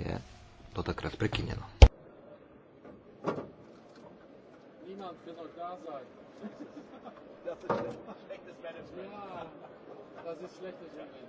je do takrat prekinjeno. Das ist schlechte Schönheit. Ja, das ist schlechte Schönheit.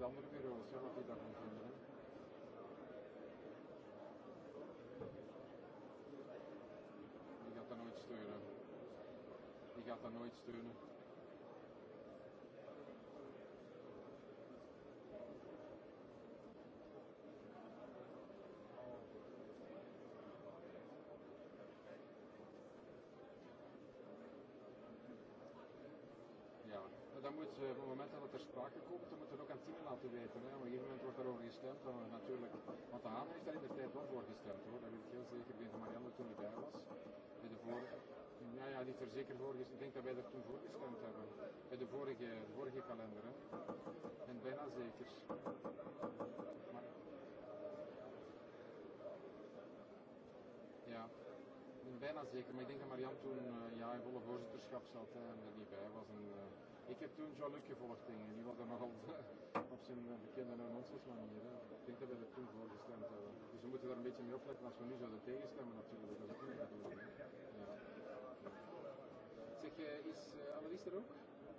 da onda bi bilo sve ono ti da kontinuirati. Die gaat dan nooit steunen. Die gaat dan nooit steunen. Ja, dan moet ze op het moment dat ter sprake komt, dan moeten we er ook aan het team laten weten. Hè? Op een gegeven moment wordt daarover gestemd. Dan natuurlijk, want de Hamer heeft daar in de tijd wel voor gestemd. Hoor. Dat weet ik heel zeker. Ik weet Marianne toen hij daar was. Bij de vorige, nou ja, niet ja, er zeker voor gestemd. Ik denk dat wij er toen voor gestemd hebben. Bij de vorige, de vorige kalender. Hè? En bijna zeker. Maar, ja. Bijna zeker, maar ik denk dat Marian toen uh, ja, in volle voorzitterschap zat hè, en er niet bij was. En, uh Ik heb toen Jean-Luc gevolgd en die was dan al eh, op zijn eh, bekende nonsens manier. Hè. Ik denk dat we er toen voor gestemd hebben. Dus we moeten daar een beetje mee opletten als we nu zouden tegenstemmen natuurlijk. Dat is ook niet de bedoeling. Hè. Ja. Zeg, eh, is uh, Annelies er ook?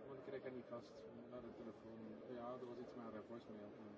Want ik krijg haar niet vast naar de telefoon. Ja, er was iets met haar voicemail. Maar...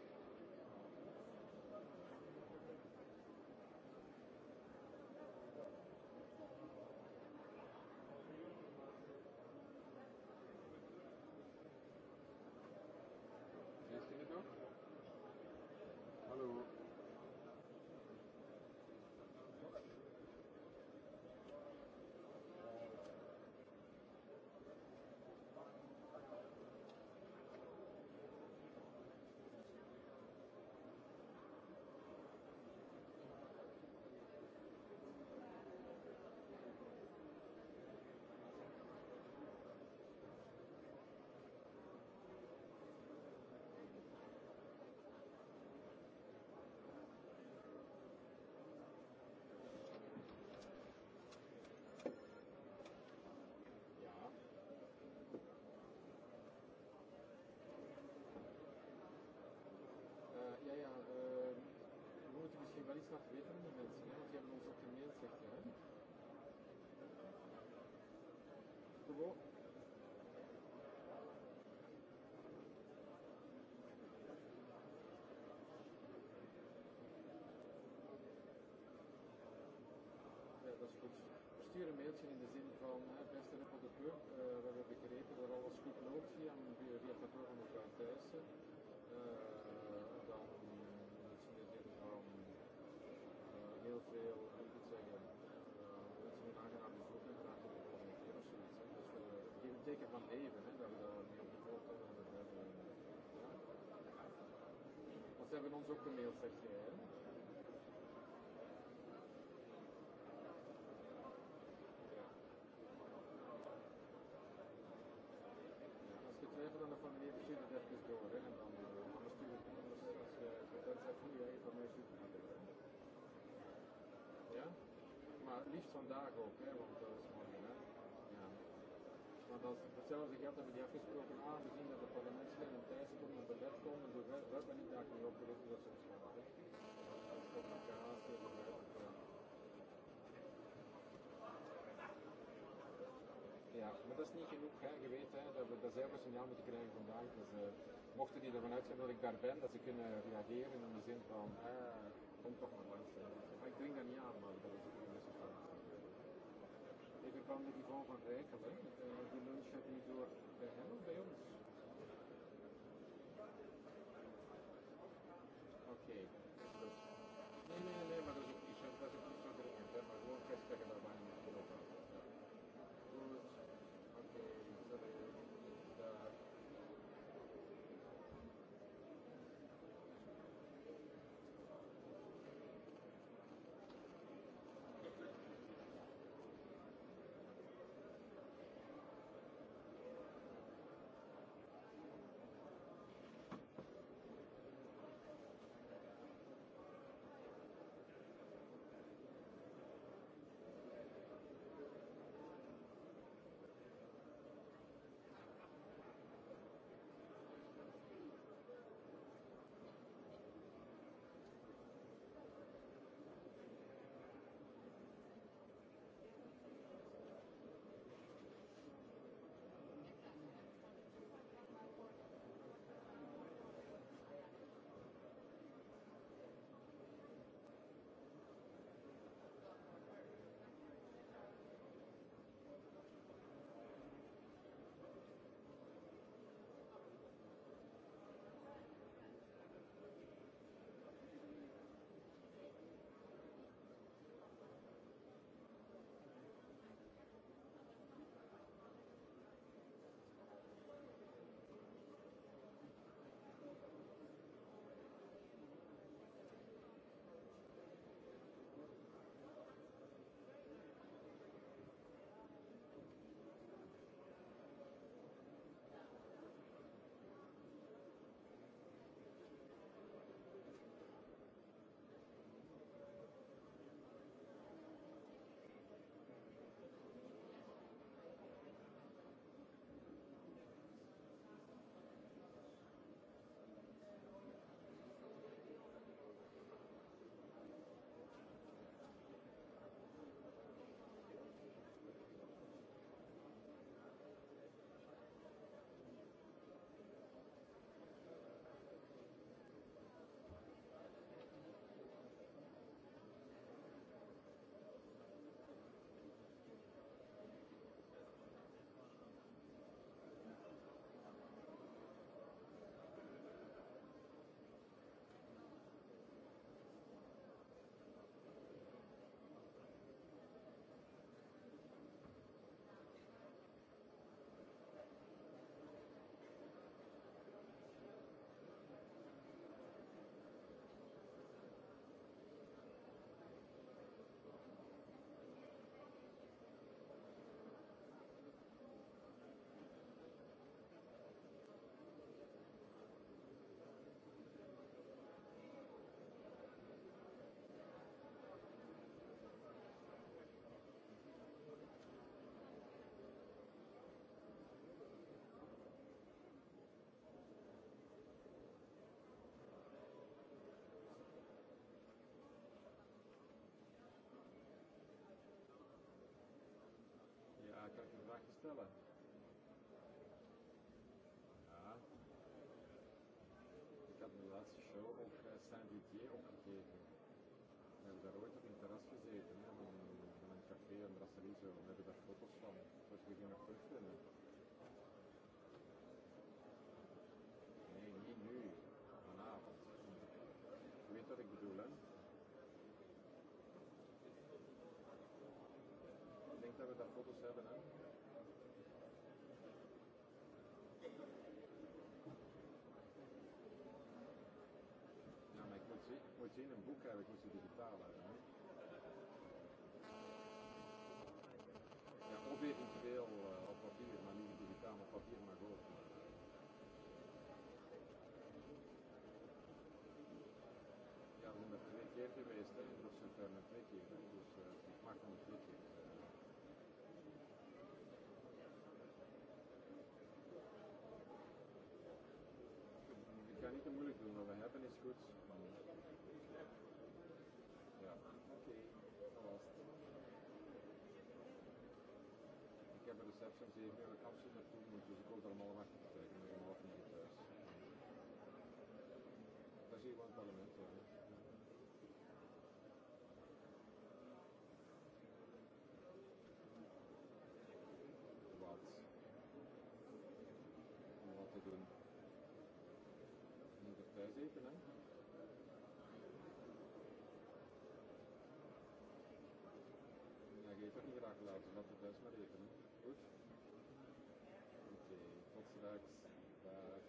Pesach vetrne verzije, die haben uns auch gemerkt, sehr gern. Eve, vendar, da bi jo potrebno da bi jo O sebe non so come io, sai che è. Aspettiamo una famiglia di cibo di acquistore, quando stiamo con la nostra potenza fria e con noi si può andare. Ma lì sono d'accordo, perché Maar dat, datzelfde geld hebben die afgesproken aangezien dat de parlementsleden een tijd voor een bedrijf komen door dus wet en niet daar kan op dat ze Ja, maar dat is niet genoeg. Hè. Je weet hè, dat we dat zelf een signaal moeten krijgen vandaag. Dus uh, mochten die ervan uitgaan dat ik daar ben, dat ze kunnen reageren in de zin van, uh, kom toch maar langs. Hè. Ik denk dat niet aan, maar dat is het kwam er Yvonne van Rijkelen, die lunch had hij door bij hem of bij ons. zelo no, no. ne bi da fotosom, pač bi gledam prišli, ne? Ne, ni nu, vanavond. Weet wat ik bedoel, hè? Ik denk dat we daar foto's hebben, hè? Ja, maar ik moet zien, ik moet zien een boek hebben, ik moet ze digitaal hebben. eerste, e e dat ze een twee keer hebben. Dus uh, ik maak hem een twee keer. Ik ga niet te moeilijk doen, maar we hebben is goed. Want... Ja, oké, okay. vast. Ik heb een reception, ze heeft een kapsel naartoe moeten, dus ik hoop dat allemaal wachten te krijgen. Ik ben half niet thuis. Daar zie je wel een parlement. Ja, zeti, ne? Ja, je toch niet graag laten, laten we het maar rekenen. Goed? Oké, okay, tot straks. Dag.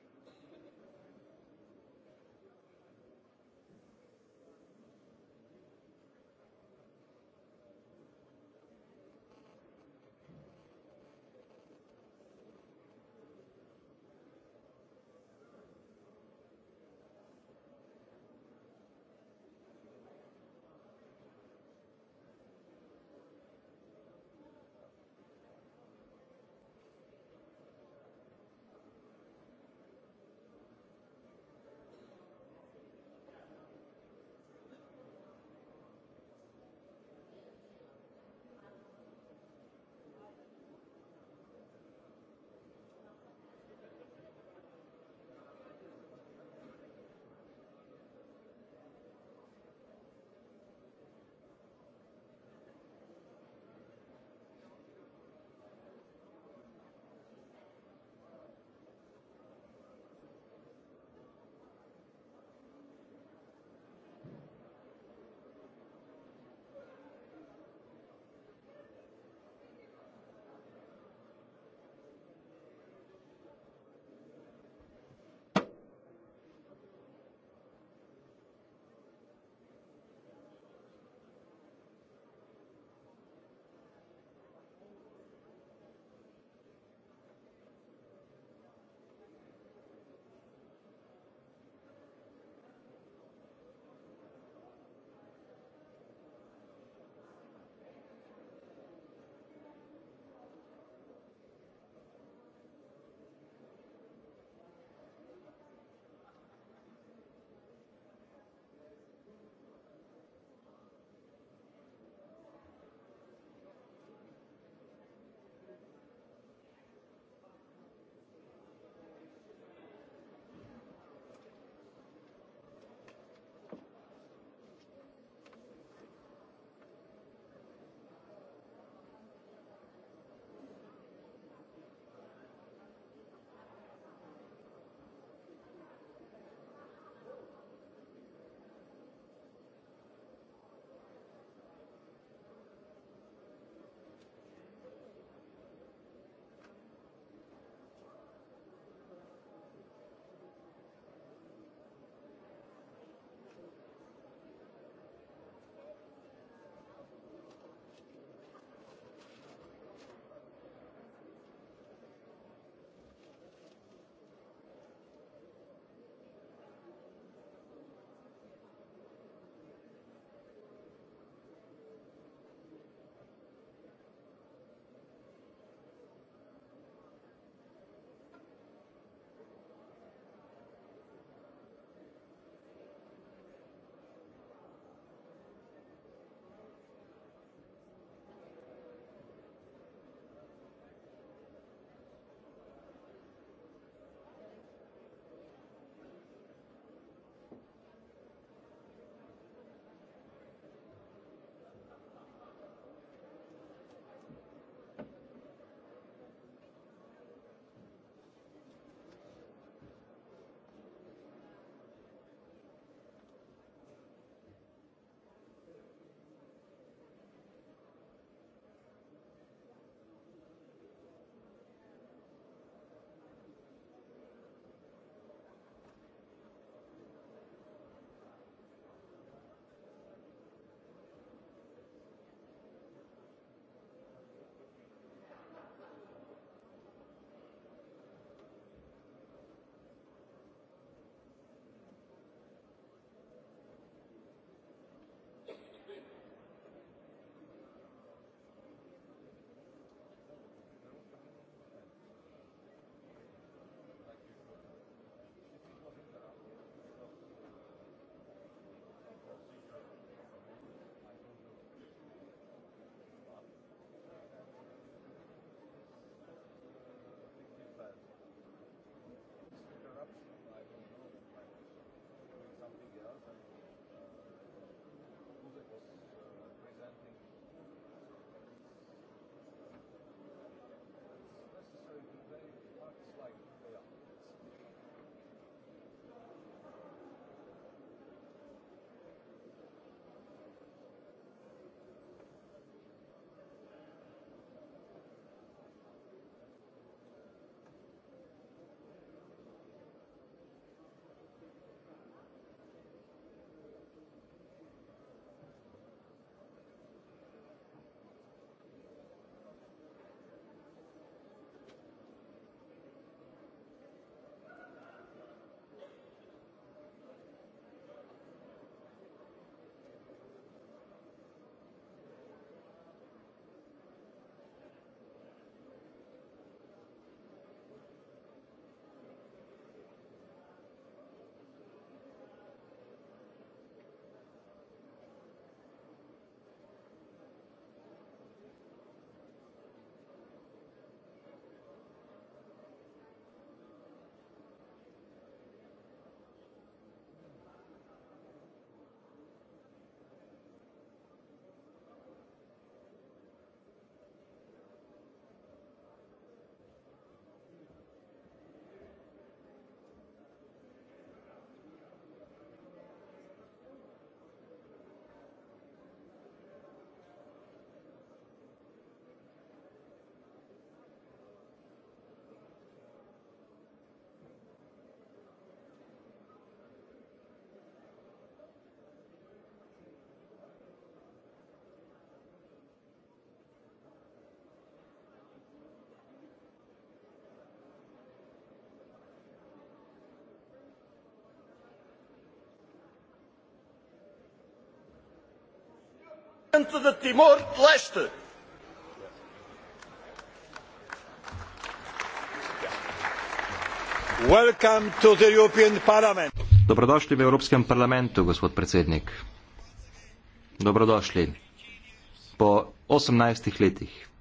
presidente de Timor-Leste. Dobrodošli v Evropskem parlamentu, gospod predsednik. Dobrodošli. Po 18 letih